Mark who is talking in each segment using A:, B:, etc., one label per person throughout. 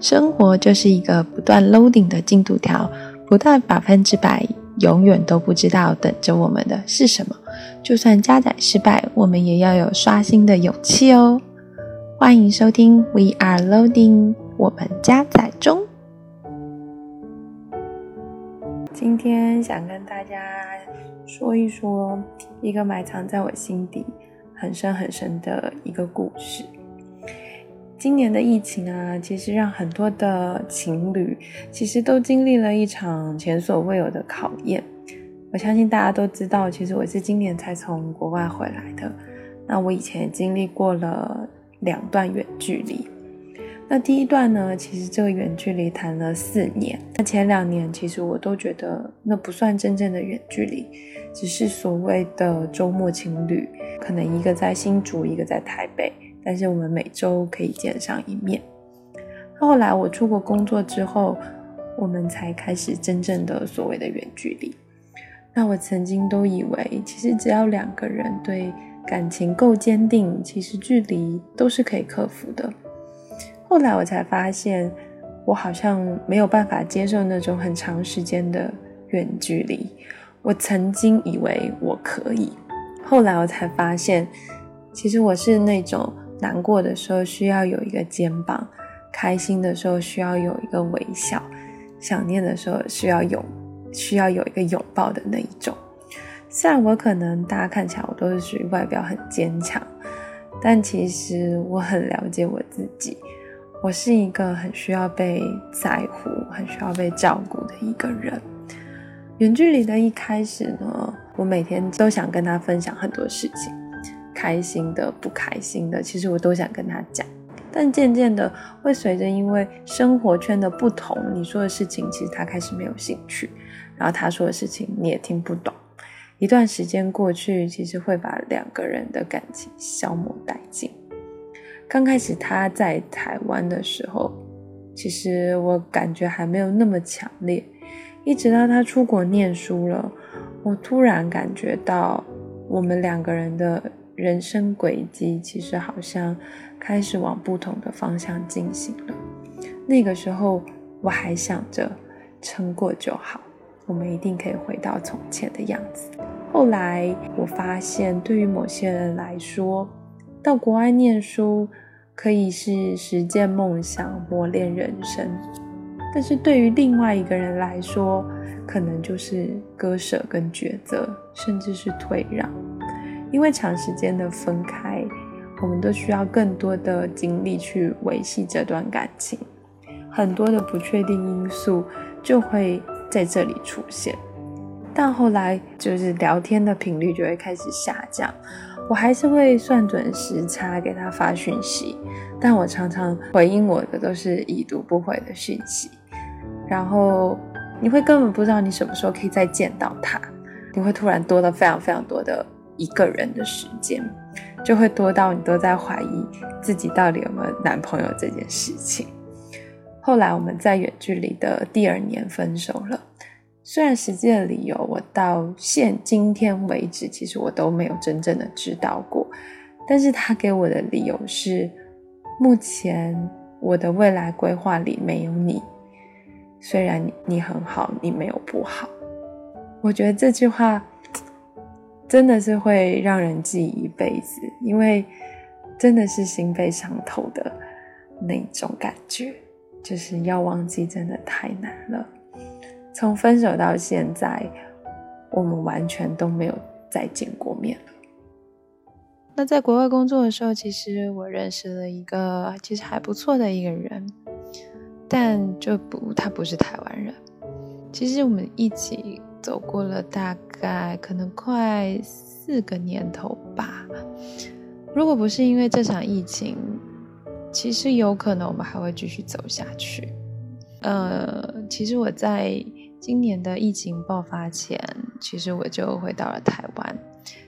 A: 生活就是一個不斷 loading 的進度條，不到百分之百，永遠都不知道等着我們的是什麼。就算加載失敗，我們也要有刷新的勇氣哦。歡迎收聽 We Are Loading，我們加載中。今天想跟大家說一說一個埋藏在我心底很深很深的一個故事。今年的疫情啊，其實讓很多的情侶其實都經歷了一場前所未有的考驗。我相信大家都知道，其實我是今年才從國外回來的。那我以前也經歷過了兩段遠距離。那第一段呢，其實這個遠距離談了四年。那前兩年其實我都覺得那不算真正的遠距離，只是所謂的週末情侶，可能一個在新竹，一個在台北。但是我們每周可以見上一面。後來我出國工作之後，我們才開始真正的所謂的遠距離。那我曾經都以為，其實只要兩個人對感情夠堅定，其實距離都是可以克服的。後來我才發現，我好像沒有辦法接受那種很長時間的遠距離。我曾經以為我可以，後來我才發現，其實我是那種。難過的時候需要有一個肩膀，開心的時候需要有一個微笑，想念的時候需要有需要有一個擁抱的那一種。雖然我可能大家看起來我都是屬於外表很堅強，但其實我很了解我自己，我是一個很需要被在乎、很需要被照顧的一個人。遠距離的一開始呢，我每天都想跟他分享很多事情。開心的、不開心的，其實我都想跟他講，但漸漸的會隨着因為生活圈的不同，你說的事情，其實他開始沒有興趣，然後他說的事情你也聽不懂，一段時間過去，其實會把兩個人的感情消磨殆盡。剛開始他在台灣的時候，其實我感覺還沒有那麼強烈，一直到他出國念書了，我突然感覺到我們兩個人的。人生軌跡其實好像開始往不同的方向進行了。那個時候我還想着撐過就好，我們一定可以回到從前的樣子。後來我發現，對於某些人來說，到國外念書可以是實踐夢想、磨練人生，但是對於另外一個人來說，可能就是割捨跟抉擇，甚至是退讓。因為長時間的分開，我們都需要更多的精力去維繫這段感情，很多的不確定因素就會在這裡出現。但後來就是聊天的頻率就會開始下降，我還是會算準時差給他發訊息，但我常常回應我的都是已讀不回的訊息，然後你會根本不知道你什麼時候可以再見到他，你會突然多了非常非常多的。一個人的時間就會多到你都在懷疑自己到底有沒有男朋友這件事情。後來我們在遠距離的第二年分手了。雖然實際的理由我到現今天為止，其實我都沒有真正的知道過。但是他給我的理由是，目前我的未來規劃裡沒有你。雖然你你很好，你沒有不好。我覺得這句話。真的是會讓人記一一輩子，因為真的是心被傷透的那種感覺，就是要忘記真的太難了。從分手到現在，我們完全都沒有再見過面了。那在國外工作的時候，其實我認識了一個其實還不錯的一個人，但就不他不是台灣人。其實我們一起。走過了大概可能快四個年頭吧，如果不是因為這場疫情，其實有可能我們還會繼續走下去。呃，其實我在今年的疫情爆發前，其實我就回到了台灣。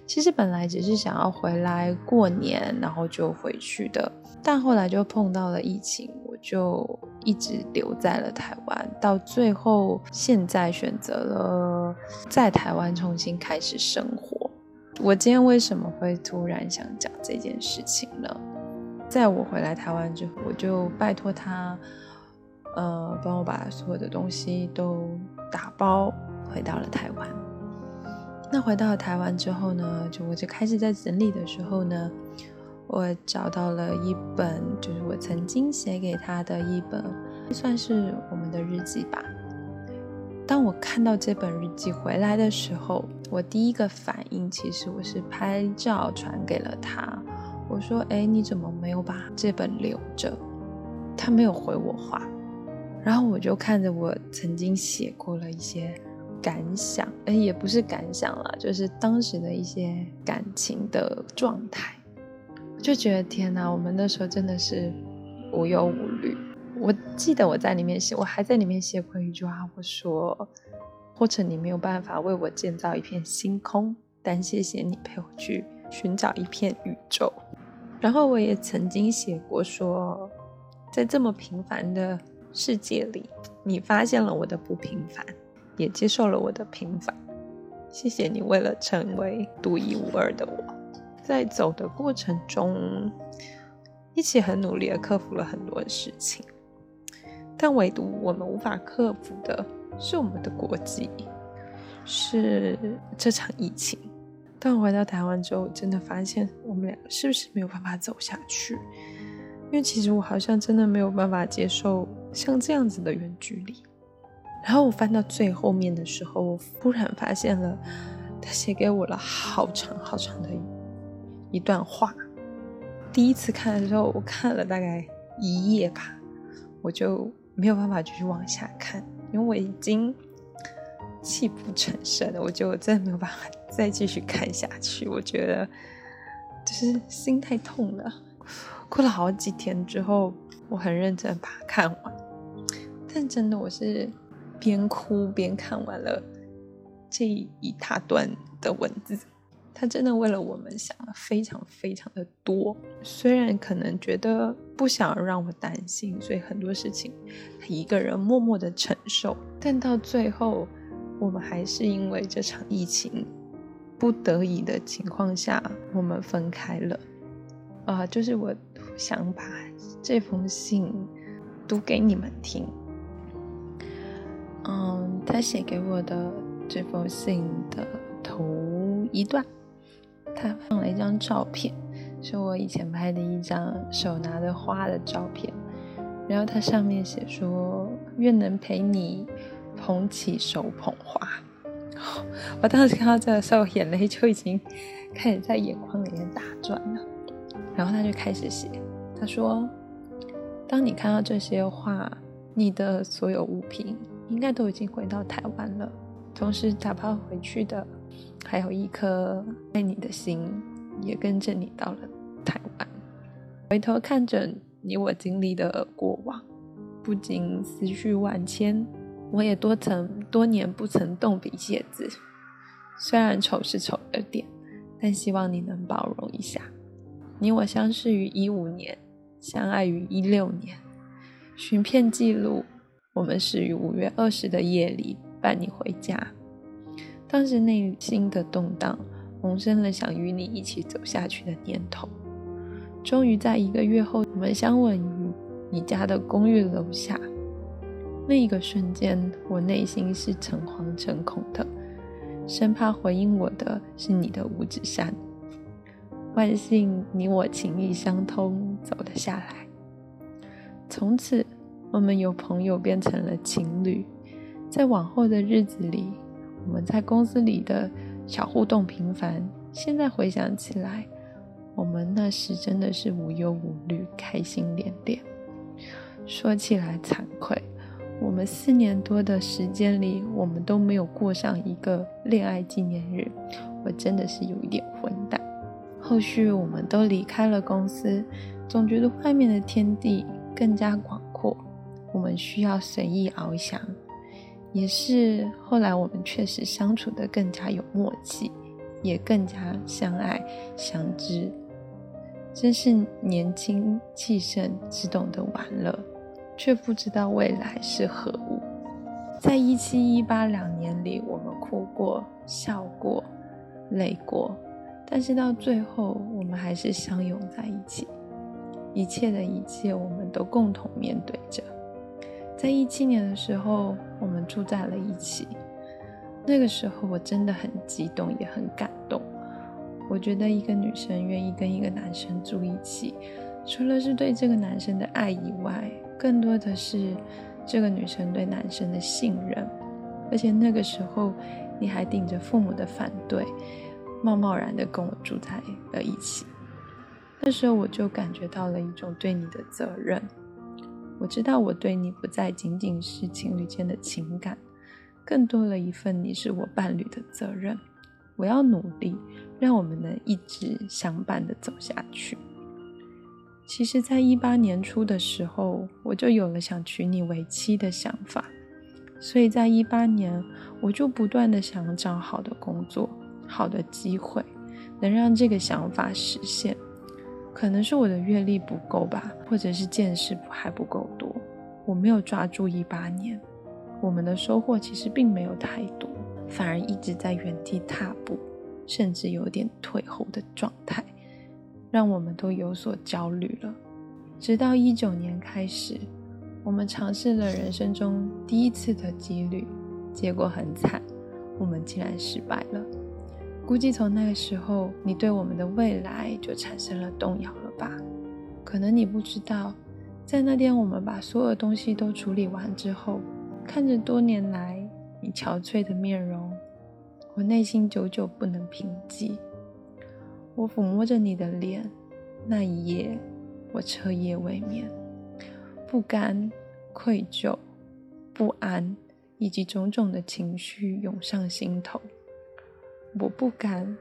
A: 其實本來只是想要回來過年，然後就回去的，但後來就碰到了疫情，我就。一直留在了台灣，到最後現在選擇了在台灣重新開始生活。我今天為什麼會突然想講這件事情呢？在我回來台灣之後，我就拜託他，呃，幫我把所有的東西都打包回到了台灣。那回到台灣之後呢，就我就開始在整理的時候呢，我找到了一本，就是我曾經寫給他的一本，算是我們的日記吧。當我看到這本日記回來的時候，我第一個反應，其實我是拍照傳給了他。我說：“哎，你怎麼沒有把這本留着？”他沒有回我話，然後我就看着我曾經寫過了一些感想，哎，也不是感想了，就是當時的一些感情的狀態。就覺得天哪，我們那時候真的是無憂無慮。我記得我在裡面寫，我還在裡面寫過一句話，我說：“或者你沒有辦法為我建造一片星空，但謝謝你陪我去尋找一片宇宙。”然後我也曾經寫過說：“在這麼平凡的世界裡，你發現了我的不平凡，也接受了我的平凡。謝謝你為了成為獨一無二的我。”在走的過程中，一起很努力的克服了很多事情，但唯獨我們無法克服的是我們的國籍，是這場疫情。當我回到台灣之後，真的發現我們兩個是不是沒有辦法走下去？因為其實我好像真的沒有辦法接受像這樣子的遠距離。然後我翻到最後面的時候，我忽然發現了他寫給我了好長好長的一一段話，第一次看的時候，我看了大概一頁吧，我就沒有辦法繼續往下看，因為我已經泣不成聲了。我覺得我真的沒有辦法再繼續看下去，我覺得就是心太痛了。哭了好幾天之後，我很認真把它看完，但真的我是邊哭邊看完了這一大段的文字。他真的為了我們想了非常非常的多，雖然可能覺得不想讓我擔心，所以很多事情他一個人默默的承受。但到最後，我們還是因為這場疫情，不得已的情況下，我們分開了。啊，就是我想把這封信讀給你們聽。嗯，他寫給我的這封信的頭一段。他放了一張照片，是我以前拍的一張手拿着花的照片，然後他上面寫說：“願能陪你捧起手捧花。”哦，我當時看到這個時候，眼淚就已經開始在眼眶裡面打轉了。然後他就開始寫，他說：“當你看到這些話，你的所有物品應該都已經回到台灣了，同時打包回去的。”還有一顆愛你的心，也跟着你到了台灣。回頭看着你我經歷的過往，不禁思緒萬千。我也多曾多年不曾動筆寫字，雖然醜是醜了點，但希望你能包容一下。你我相識於一五年，相愛於一六年。尋片記錄，我們始於五月二十的夜裡，伴你回家。當時內心的動盪，萌生了想與你一起走下去的念頭。終於在一個月後，我們相吻於你家的公寓樓下。那一個瞬間，我內心是誠惶誠恐的，生怕回應我的是你的五指山。萬幸，你我情意相通，走了下來。從此，我們由朋友變成了情侶，在往後的日子裡。我們在公司裡的小互動頻繁，現在回想起來，我們那時真的是無憂無慮，開心連連。說起來慚愧，我們四年多的時間裡，我們都沒有過上一個戀愛紀念日，我真的是有一點混蛋。後續我們都離開了公司，總覺得外面的天地更加廣闊，我們需要隨意翱翔。也是後來，我們確實相處得更加有默契，也更加相愛相知。真是年輕氣盛，只懂得玩樂，卻不知道未來是何物。在一七一八兩年裡，我們哭過、笑過、累過，但是到最後，我們還是相擁在一起。一切的一切，我們都共同面對着。在一七年的時候，我們住在了一起。那個時候我真的很激動，也很感動。我覺得一個女生願意跟一個男生住一起，除了是對這個男生的愛以外，更多的是這個女生對男生的信任。而且那個時候你還頂着父母的反對，貿貿然的跟我住在了一起。那時候我就感覺到了一種對你的責任。我知道，我對你不再僅僅是情侶間的情感，更多了一份你是我伴侶的責任。我要努力，讓我們能一直相伴的走下去。其實，在一八年初的時候，我就有了想娶你為妻的想法，所以在一八年，我就不斷的想找好的工作、好的機會，能讓這個想法實現。可能是我的閱歷不夠吧，或者是見識還不夠多，我沒有抓住一八年，我們的收穫其實並沒有太多，反而一直在原地踏步，甚至有點退後的狀態，讓我們都有所焦慮了。直到一九年開始，我們嘗試了人生中第一次的幾率，結果很慘，我們竟然失敗了。估計從那個時候，你對我們的未來就產生了動搖了吧？可能你不知道，在那天我們把所有東西都處理完之後，看着多年來你憔悴的面容，我內心久久不能平靜。我撫摸着你的臉，那一夜我徹夜未眠，不甘、愧疚、不安，以及種種的情緒湧上心頭。我不甘，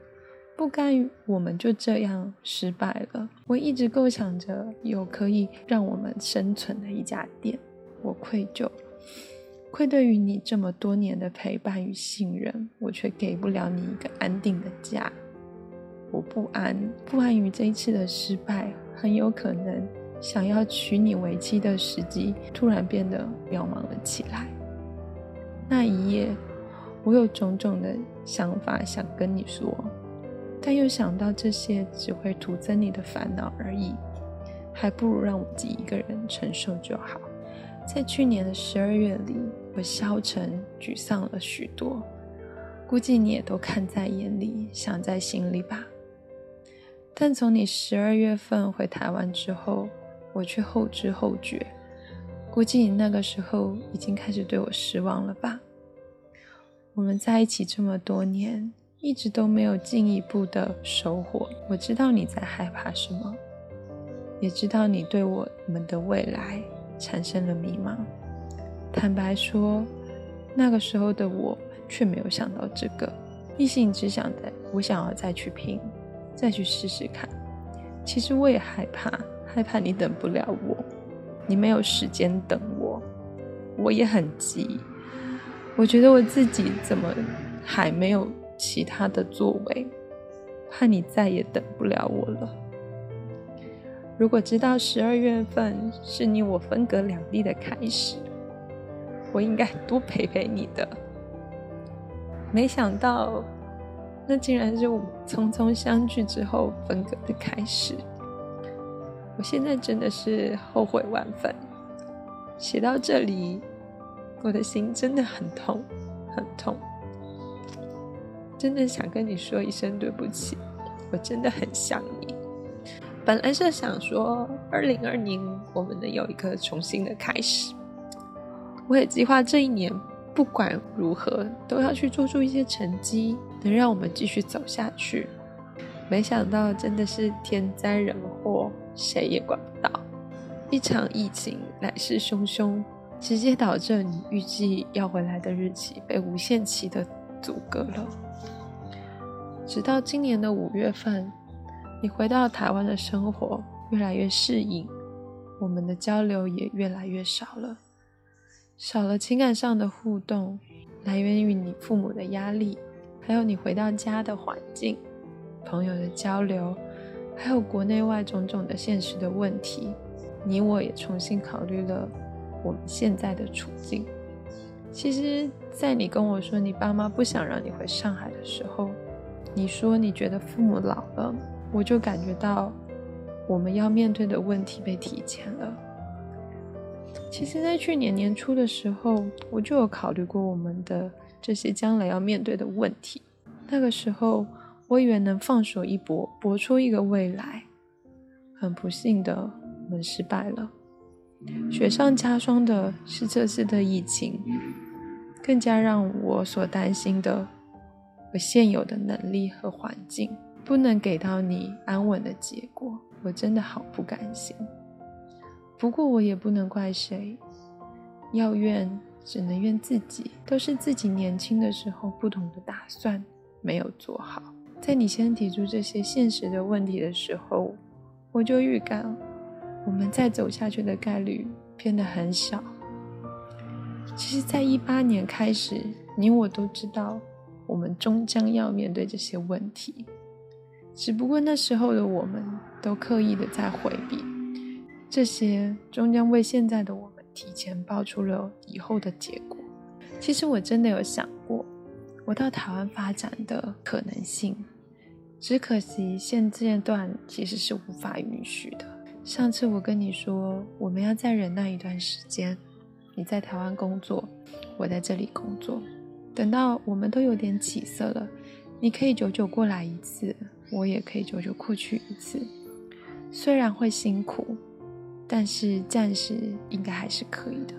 A: 不甘於我們就這樣失敗了。我一直構想着有可以讓我們生存的一家店。我愧疚，愧對於你這麼多年的陪伴與信任，我卻給不了你一個安定的家。我不安，不安於這一次的失敗，很有可能想要娶你為妻的時機突然變得渺茫了起來。那一夜。我有種種的想法想跟你說，但又想到這些只會徒增你的煩惱而已，還不如讓我自己一個人承受就好。在去年的十二月裡，我消沉沮喪了許多，估計你也都看在眼裡，想在心裡吧。但從你十二月份回台灣之後，我卻後知後覺，估計你那個時候已經開始對我失望了吧。我們在一起這麼多年，一直都沒有進一步的收穫。我知道你在害怕什麼，也知道你對我們的未來產生了迷茫。坦白說，那個時候的我卻沒有想到這個，一心只想的我想要再去拼，再去試試看。其實我也害怕，害怕你等不了我，你沒有時間等我，我也很急。我覺得我自己怎麼還沒有其他的作為，怕你再也等不了我了。如果知道十二月份是你我分隔兩地的開始，我應該多陪陪你的。沒想到，那竟然是我們匆匆相聚之後分隔的開始。我現在真的是後悔萬分。寫到這裡。我的心真的很痛，很痛。真的想跟你說一聲對不起，我真的很想你。本來是想說，二零二零我們能有一個重新的開始。我也計劃這一年，不管如何，都要去做出一些成績，能讓我們繼續走下去。沒想到真的是天災人禍，誰也管不到。一場疫情來勢洶洶。直接導致你預計要回來的日期被無限期的阻隔了。直到今年的五月份，你回到台灣的生活越來越適應，我們的交流也越來越少了，少了情感上的互動，來源於你父母的壓力，還有你回到家的環境、朋友的交流，還有國內外種種的現實的問題，你我也重新考慮了。我們現在的處境，其實，在你跟我說你爸媽不想讓你回上海的時候，你說你覺得父母老了，我就感覺到我們要面對的問題被提前了。其實，在去年年初的時候，我就有考慮過我們的這些將來要面對的問題。那個時候，我以為能放手一搏，搏出一個未來。很不幸的，我們失敗了。雪上加霜的是這次的疫情，更加讓我所擔心的，我現有的能力和環境不能給到你安穩的結果，我真的好不甘心。不過我也不能怪誰，要怨只能怨自己，都是自己年輕的時候不懂得打算，沒有做好。在你先提出這些現實的問題的時候，我就預感。我們再走下去的概率變得很小。其實，在一八年開始，你我都知道，我們終將要面對這些問題。只不過那時候的我們都刻意的在回避，這些終將為現在的我們提前爆出了以後的結果。其實我真的有想過，我到台灣發展的可能性，只可惜現階段其實是無法允許的。上次我跟你說，我們要再忍耐一段時間。你在台灣工作，我在這裡工作，等到我們都有點起色了，你可以久久過來一次，我也可以久久過去一次。雖然會辛苦，但是暫時應該還是可以的。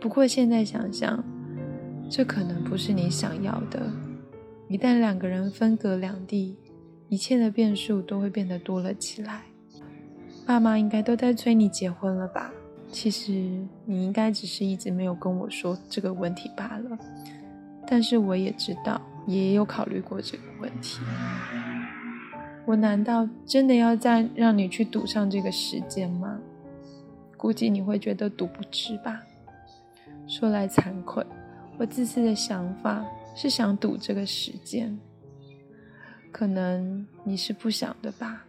A: 不過現在想想，這可能不是你想要的。一旦兩個人分隔兩地，一切的變數都會變得多了起來。爸媽應該都在催你結婚了吧？其實你應該只是一直沒有跟我說這個問題罷了。但是我也知道，也有考慮過這個問題。我難道真的要再讓你去賭上這個時間嗎？估計你會覺得賭不值吧。說來慚愧，我自私的想法是想賭這個時間。可能你是不想的吧。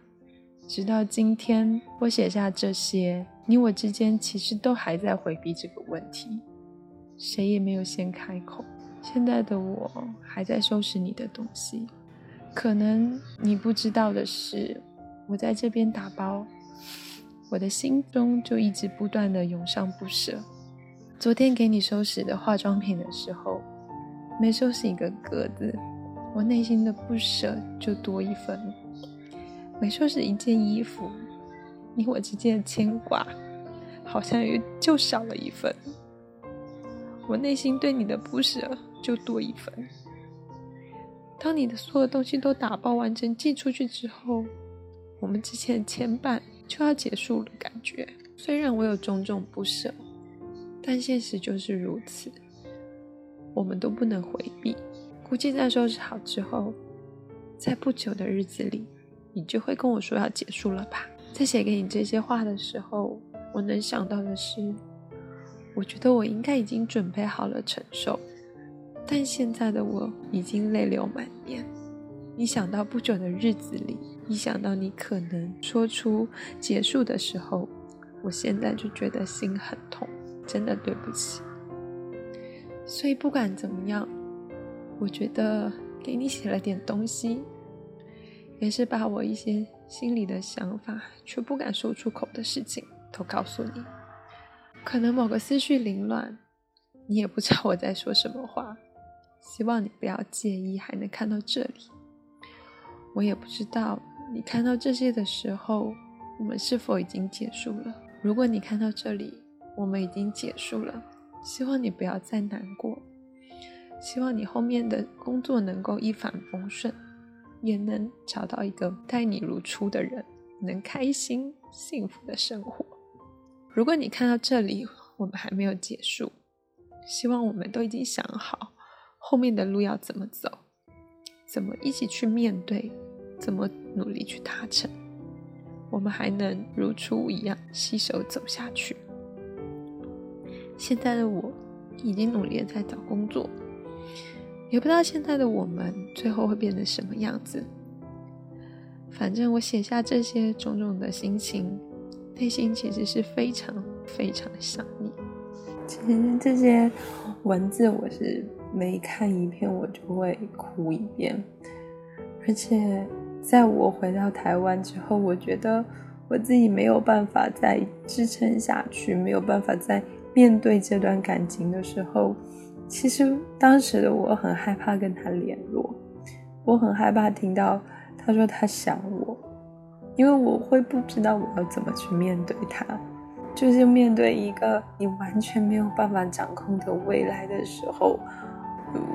A: 直到今天，我寫下這些，你我之間其實都還在回避這個問題，誰也沒有先開口。現在的我還在收拾你的東西，可能你不知道的是，我在這邊打包，我的心中就一直不斷的湧上不捨。昨天給你收拾的化妝品的時候，每收拾一個格子，我內心的不捨就多一分。每收拾一件衣服，你我之間的牽掛好像也就少了一份，我內心對你的不捨就多一份。當你的所有的東西都打包完成寄出去之後，我們之間的牽絆就要結束的感覺，雖然我有種種不捨，但現實就是如此，我們都不能回避。估計在收拾好之後，在不久的日子裡。你就會跟我說要結束了吧？在寫給你這些話的時候，我能想到的是，我覺得我應該已經準備好了承受，但現在的我已經淚流滿面。一想到不久的日子裡，一想到你可能說出結束的時候，我現在就覺得心很痛，真的對不起。所以不管怎麼樣，我覺得給你寫了點東西。也是把我一些心裡的想法，卻不敢說出口的事情都告訴你。可能某個思緒凌亂，你也不知道我在說什麼話。希望你不要介意，還能看到這裡。我也不知道你看到這些的時候，我們是否已經結束了。如果你看到這裡，我們已經結束了，希望你不要再難過，希望你後面的工作能夠一帆風順。也能找到一個待你如初的人，能開心幸福的生活。如果你看到這裡，我們還沒有結束，希望我們都已經想好後面的路要怎麼走，怎麼一起去面對，怎麼努力去達成，我們還能如初一樣攜手走下去。現在的我已經努力的在找工作。也不知道現在的我們最後會變成什麼樣子。反正我寫下這些種種的心情，內心其實是非常非常想你。其實這些文字，我是每看一遍我就會哭一遍。而且在我回到台灣之後，我覺得我自己沒有辦法再支撐下去，沒有辦法再面對這段感情的時候。其實當時的我很害怕跟他聯絡，我很害怕聽到他說他想我，因為我會不知道我要怎麼去面對他，就是面對一個你完全沒有辦法掌控的未來的時候，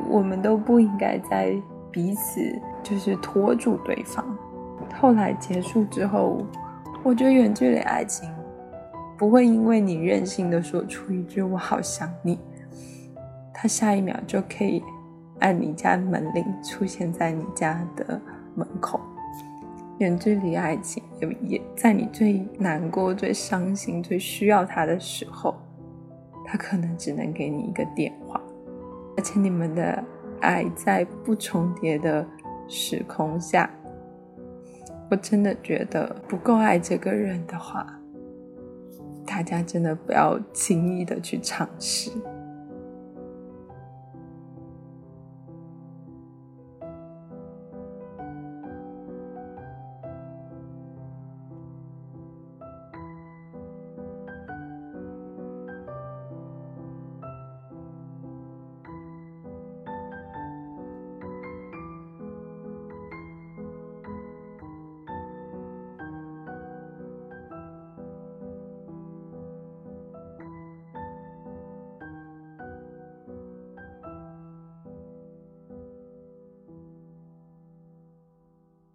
A: 我們都不應該在彼此就是拖住對方。後來結束之後，我覺得遠距離愛情不會因為你任性的說出一句我好想你，他下一秒就可以按你家門鈴，出現在你家的門口。遠距離愛情，有也在你最難過、最傷心、最需要他的時候，他可能只能給你一個電話。而且你們的愛在不重疊的時空下，我真的覺得不夠愛這個人的話，大家真的不要輕易的去嘗試。